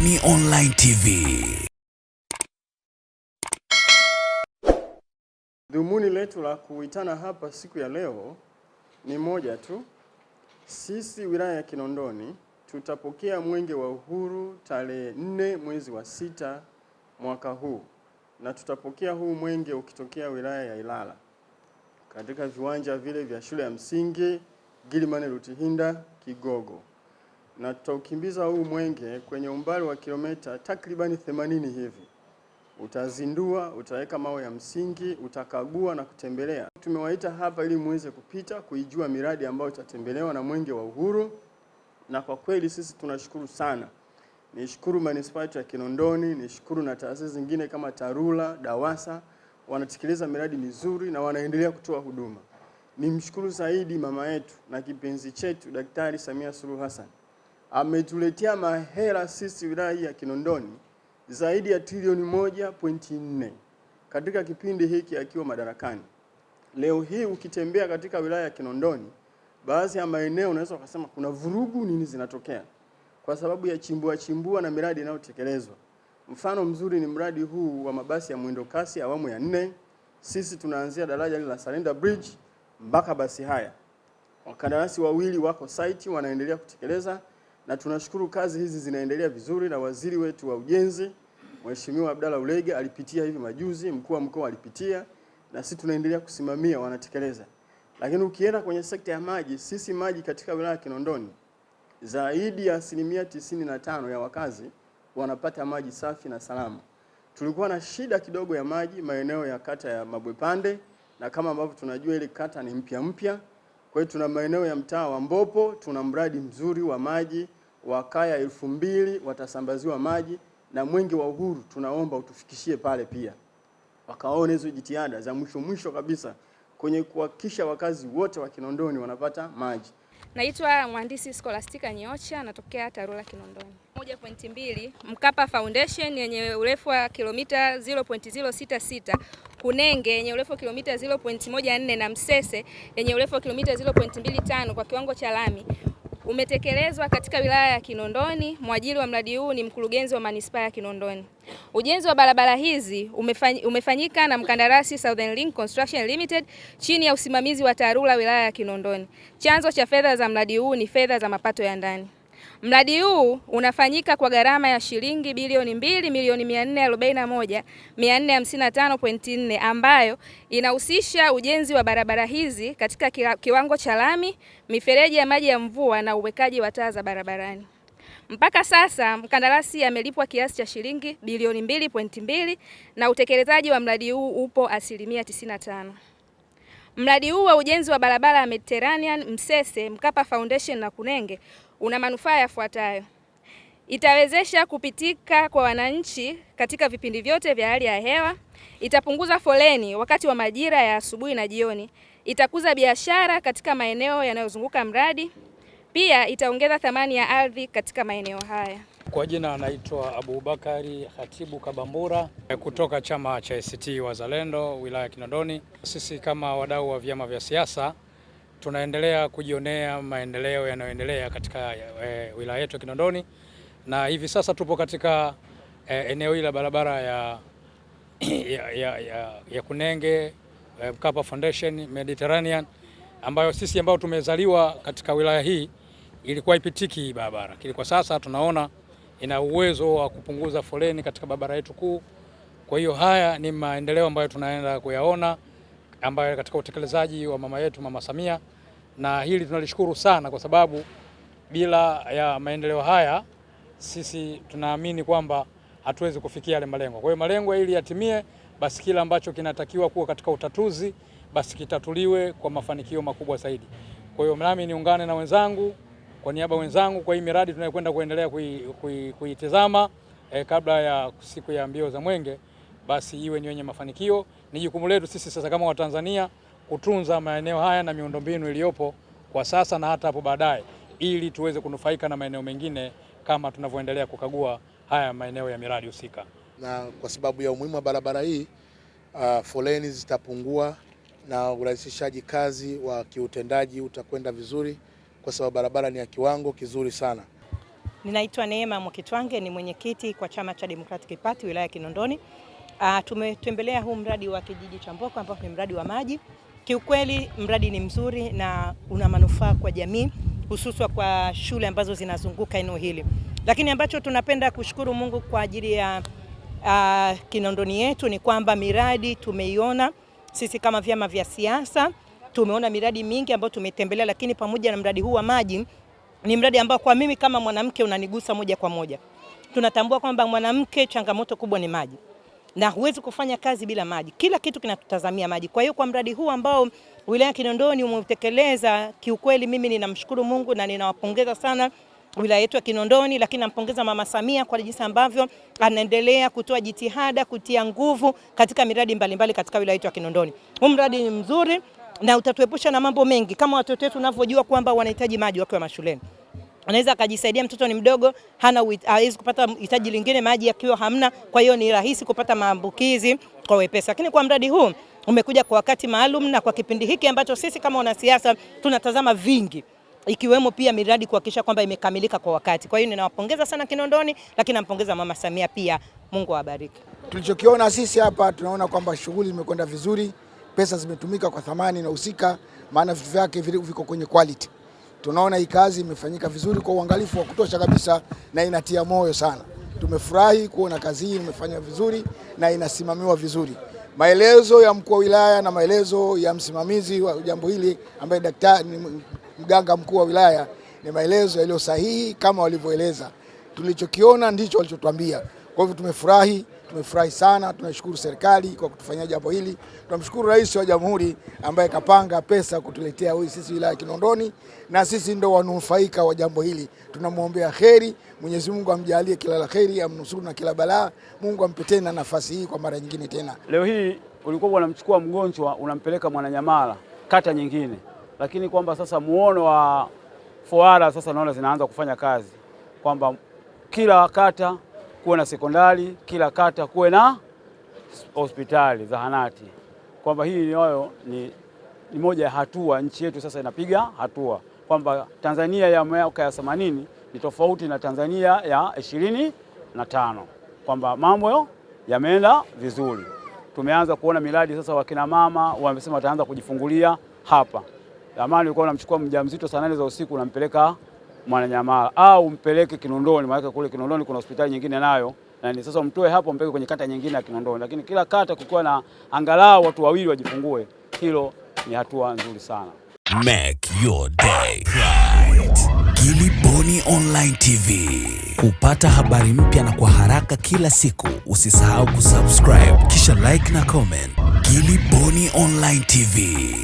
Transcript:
Boni Online TV. Dhumuni letu la kuitana hapa siku ya leo ni moja tu. Sisi wilaya ya Kinondoni tutapokea mwenge wa uhuru tarehe nne mwezi wa sita mwaka huu, na tutapokea huu mwenge ukitokea wilaya ya Ilala katika viwanja vile vya shule ya msingi Gilman Rutihinda Kigogo na tutaukimbiza huu mwenge kwenye umbali wa kilomita takribani themanini hivi. Utazindua, utaweka mawe ya msingi, utakagua na kutembelea. Tumewaita hapa ili muweze kupita kuijua miradi ambayo itatembelewa na mwenge wa uhuru, na kwa kweli sisi tunashukuru sana. Nishukuru manispaa ya Kinondoni, nishukuru na taasisi zingine kama Tarura, Dawasa wanatekeleza miradi mizuri na wanaendelea kutoa huduma. Nimshukuru zaidi mama yetu na kipenzi chetu Daktari Samia Suluhu Hassan ametuletea mahela sisi wilaya hii ya Kinondoni zaidi ya trilioni moja pointi nne katika kipindi hiki akiwa madarakani. Leo hii ukitembea katika wilaya ya Kinondoni, baadhi ya maeneo unaweza ukasema kuna vurugu nini zinatokea kwa sababu ya chimbua chimbua na miradi inayotekelezwa. Mfano mzuri ni mradi huu wa mabasi ya mwendo kasi awamu ya nne. Sisi tunaanzia daraja la Salenda Bridge mpaka basi haya, wakandarasi wawili wako site wanaendelea kutekeleza na tunashukuru kazi hizi zinaendelea vizuri, na waziri wetu wa ujenzi Mheshimiwa Abdalla Ulega alipitia hivi majuzi, mkuu wa mkoa alipitia, na sisi tunaendelea kusimamia wanatekeleza. Lakini ukienda kwenye sekta ya maji, sisi maji katika wilaya ya Kinondoni zaidi ya asilimia tisini na tano ya wakazi wanapata maji safi na salama. Tulikuwa na shida kidogo ya maji maeneo ya kata ya Mabwepande, na kama ambavyo tunajua ile kata ni mpya mpya. Kwa hiyo tuna maeneo ya mtaa wa Mbopo, tuna mradi mzuri wa maji wa kaya elfu mbili watasambaziwa maji na Mwenge wa Uhuru tunaomba utufikishie pale pia, wakaona hizo jitihada za mwisho mwisho kabisa kwenye kuhakikisha wakazi wote wa Kinondoni wanapata maji. Naitwa mhandisi Scholastica Nyocha, natokea Tarura Kinondoni. 1.2 Mkapa Foundation yenye urefu wa kilomita 0.066, Kunenge yenye urefu wa kilomita 0.14 na Msese yenye urefu wa kilomita 0.25 kwa kiwango cha lami umetekelezwa katika wilaya ya Kinondoni. Mwajiri wa mradi huu ni mkurugenzi wa manispaa ya Kinondoni. Ujenzi wa barabara hizi umefanyika na mkandarasi Southern Link Construction Limited chini ya usimamizi wa TARURA wilaya ya Kinondoni. Chanzo cha fedha za mradi huu ni fedha za mapato ya ndani. Mradi huu unafanyika kwa gharama ya shilingi bilioni mbili milioni mia nne arobaini na moja mia nne hamsini na tano pointi nne ambayo inahusisha ujenzi wa barabara hizi katika kiwango cha lami, mifereji ya maji ya mvua na uwekaji wa taa za barabarani. Mpaka sasa mkandarasi amelipwa kiasi cha shilingi bilioni mbili pointi mbili na utekelezaji wa mradi huu upo asilimia 95. Mradi huu wa ujenzi wa barabara ya Mediterranean Msese Mkapa Foundation na Kunenge una manufaa yafuatayo: itawezesha kupitika kwa wananchi katika vipindi vyote vya hali ya hewa, itapunguza foleni wakati wa majira ya asubuhi na jioni, itakuza biashara katika maeneo yanayozunguka mradi, pia itaongeza thamani ya ardhi katika maeneo haya. Kwa jina anaitwa Abubakari Khatibu Kabambura kutoka chama cha ACT Wazalendo wilaya ya Kinondoni. Sisi kama wadau wa vyama vya siasa tunaendelea kujionea maendeleo yanayoendelea katika e, wilaya yetu ya Kinondoni na hivi sasa tupo katika e, eneo hili la barabara ya, ya, ya, ya, ya Kunenge e, Mkapa Foundation Mediterranean ambayo sisi ambao tumezaliwa katika wilaya hii ilikuwa ipitiki hii barabara, lakini kwa sasa tunaona ina uwezo wa kupunguza foleni katika barabara yetu kuu. Kwa hiyo haya ni maendeleo ambayo tunaenda kuyaona ambayo katika utekelezaji wa mama yetu Mama Samia, na hili tunalishukuru sana kwa sababu bila ya maendeleo haya sisi tunaamini kwamba hatuwezi kufikia yale malengo. Kwa hiyo malengo ili yatimie, basi kila ambacho kinatakiwa kuwa katika utatuzi basi kitatuliwe kwa mafanikio makubwa zaidi. Kwa hiyo nami niungane na wenzangu kwa niaba wenzangu kwa hii miradi tunayokwenda kuendelea kuitizama kui, kui eh, kabla ya siku ya mbio za Mwenge basi iwe ni wenye mafanikio. Ni jukumu letu sisi sasa kama Watanzania kutunza maeneo haya na miundombinu iliyopo kwa sasa na hata hapo baadaye, ili tuweze kunufaika na maeneo mengine kama tunavyoendelea kukagua haya maeneo ya miradi husika. Na kwa sababu ya umuhimu wa barabara hii, uh, foleni zitapungua na urahisishaji kazi wa kiutendaji utakwenda vizuri, kwa sababu barabara ni ya kiwango kizuri sana. Ninaitwa Neema Mwakitwange, ni mwenyekiti kwa chama cha Democratic Party wilaya ya Kinondoni. Uh, tumetembelea huu mradi wa kijiji cha Mboko ambao ni mradi wa maji. Kiukweli mradi ni mzuri na una manufaa kwa jamii hususwa kwa shule ambazo zinazunguka eneo hili, lakini ambacho tunapenda kushukuru Mungu kwa ajili ya uh, Kinondoni yetu ni kwamba miradi tumeiona sisi kama vyama vya siasa, tumeona miradi mingi ambayo tumetembelea, lakini pamoja na mradi huu wa maji ni mradi ambao kwa mimi kama mwanamke unanigusa moja kwa moja. Tunatambua kwamba mwanamke changamoto kubwa ni maji na huwezi kufanya kazi bila maji. Kila kitu kinatutazamia maji. Kwa hiyo kwa mradi huu ambao wilaya ya Kinondoni umeutekeleza, kiukweli mimi ninamshukuru Mungu na ninawapongeza sana wilaya yetu ya Kinondoni, lakini nampongeza Mama Samia kwa jinsi ambavyo anaendelea kutoa jitihada kutia nguvu katika miradi mbalimbali mbali katika wilaya yetu ya Kinondoni. Huu mradi ni mzuri na utatuepusha na mambo mengi, kama watoto wetu wanavyojua kwamba wanahitaji maji wakiwa mashuleni anaweza akajisaidia. Mtoto ni mdogo, hana hawezi kupata hitaji lingine, maji akiwa hamna, kwa hiyo ni rahisi kupata maambukizi kwa wepesi, lakini kwa mradi huu umekuja kwa wakati maalum na kwa kipindi hiki ambacho sisi kama wanasiasa tunatazama vingi ikiwemo pia miradi kuhakikisha kwamba imekamilika kwa wakati. Kwa hiyo ninawapongeza sana Kinondoni, lakini nampongeza Mama Samia pia, Mungu awabariki. Tulichokiona sisi hapa, tunaona kwamba shughuli zimekwenda vizuri, pesa zimetumika kwa thamani inahusika, maana vitu vyake viko kwenye quality tunaona hii kazi imefanyika vizuri kwa uangalifu wa kutosha kabisa na inatia moyo sana. Tumefurahi kuona kazi hii imefanywa vizuri na inasimamiwa vizuri. Maelezo ya mkuu wa wilaya na maelezo ya msimamizi wa jambo hili ambaye daktari mganga mkuu wa wilaya ni maelezo yaliyo sahihi kama walivyoeleza. Tulichokiona ndicho walichotuambia. Kwa hivyo tumefurahi. Tumefurahi sana, tunashukuru serikali kwa kutufanyia jambo hili. Tunamshukuru Rais wa Jamhuri ambaye kapanga pesa kutuletea huyu sisi wilaya Kinondoni, na sisi ndo wanufaika wa jambo hili. Tunamwombea kheri Mwenyezi Mungu amjalie kila la kheri amnusuru na kila balaa. Mungu ampe tena nafasi hii kwa mara nyingine tena. Leo hii ulikuwa unamchukua mgonjwa unampeleka Mwananyamala, kata nyingine, lakini kwamba sasa muono wa foara sasa naona zinaanza kufanya kazi kwamba kila kata kuwe na sekondari, kila kata kuwe na hospitali, zahanati, kwamba hii nayo ni, ni moja ya hatua nchi yetu sasa inapiga hatua kwamba Tanzania ya miaka ya 80 ni tofauti na Tanzania ya ishirini na tano, kwamba mambo yameenda vizuri. Tumeanza kuona miradi sasa, wakina mama wamesema wataanza kujifungulia hapa. Zamani ulikuwa unamchukua mjamzito saa nane za usiku unampeleka Mwananyamala au mpeleke Kinondoni, maana kule Kinondoni kuna hospitali nyingine nayo ni Sasa mtoe hapo mpeke kwenye kata nyingine ya Kinondoni, lakini kila kata kukiwa na angalau watu wawili wajifungue, hilo ni hatua nzuri sana. Make your day right. Gilly Bonny Online TV, kupata habari mpya na kwa haraka kila siku, usisahau kusubscribe kisha like na comment. Gilly Bonny Online TV.